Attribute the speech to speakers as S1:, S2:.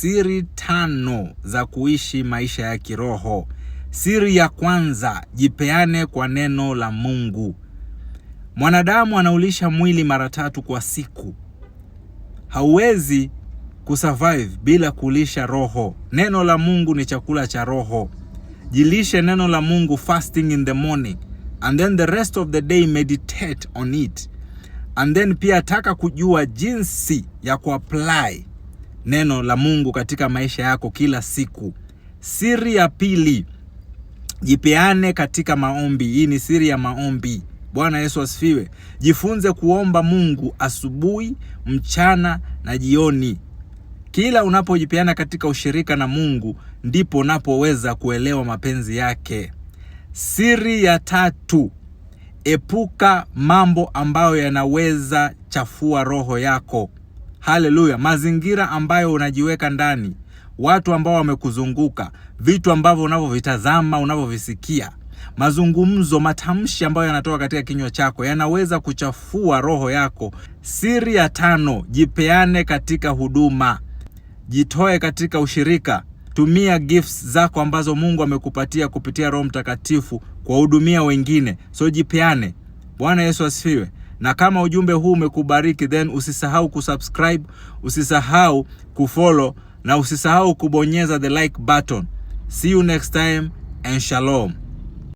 S1: Siri tano za kuishi maisha ya kiroho. Siri ya kwanza, jipeane kwa neno la Mungu. Mwanadamu anaulisha mwili mara tatu kwa siku. Hauwezi kusurvive bila kulisha roho. Neno la Mungu ni chakula cha roho. Jilishe neno la Mungu fasting in the morning and then the rest of the day meditate on it. And then pia taka kujua jinsi ya kuapply neno la Mungu katika maisha yako kila siku. Siri ya pili, jipeane katika maombi. Hii ni siri ya maombi. Bwana Yesu asifiwe. Jifunze kuomba Mungu asubuhi, mchana na jioni. Kila unapojipeana katika ushirika na Mungu, ndipo unapoweza kuelewa mapenzi yake. Siri ya tatu, epuka mambo ambayo yanaweza chafua roho yako. Haleluya! Mazingira ambayo unajiweka ndani, watu ambao wamekuzunguka, vitu ambavyo unavyovitazama, unavyovisikia, mazungumzo, matamshi ambayo yanatoka katika kinywa chako yanaweza kuchafua roho yako. Siri ya tano: jipeane katika huduma, jitoe katika ushirika. Tumia gifts zako ambazo Mungu amekupatia kupitia Roho Mtakatifu kuwahudumia wengine. So jipeane. Bwana Yesu asifiwe na kama ujumbe huu umekubariki then usisahau kusubscribe, usisahau kufollow na usisahau kubonyeza the like button. See you next time and shalom.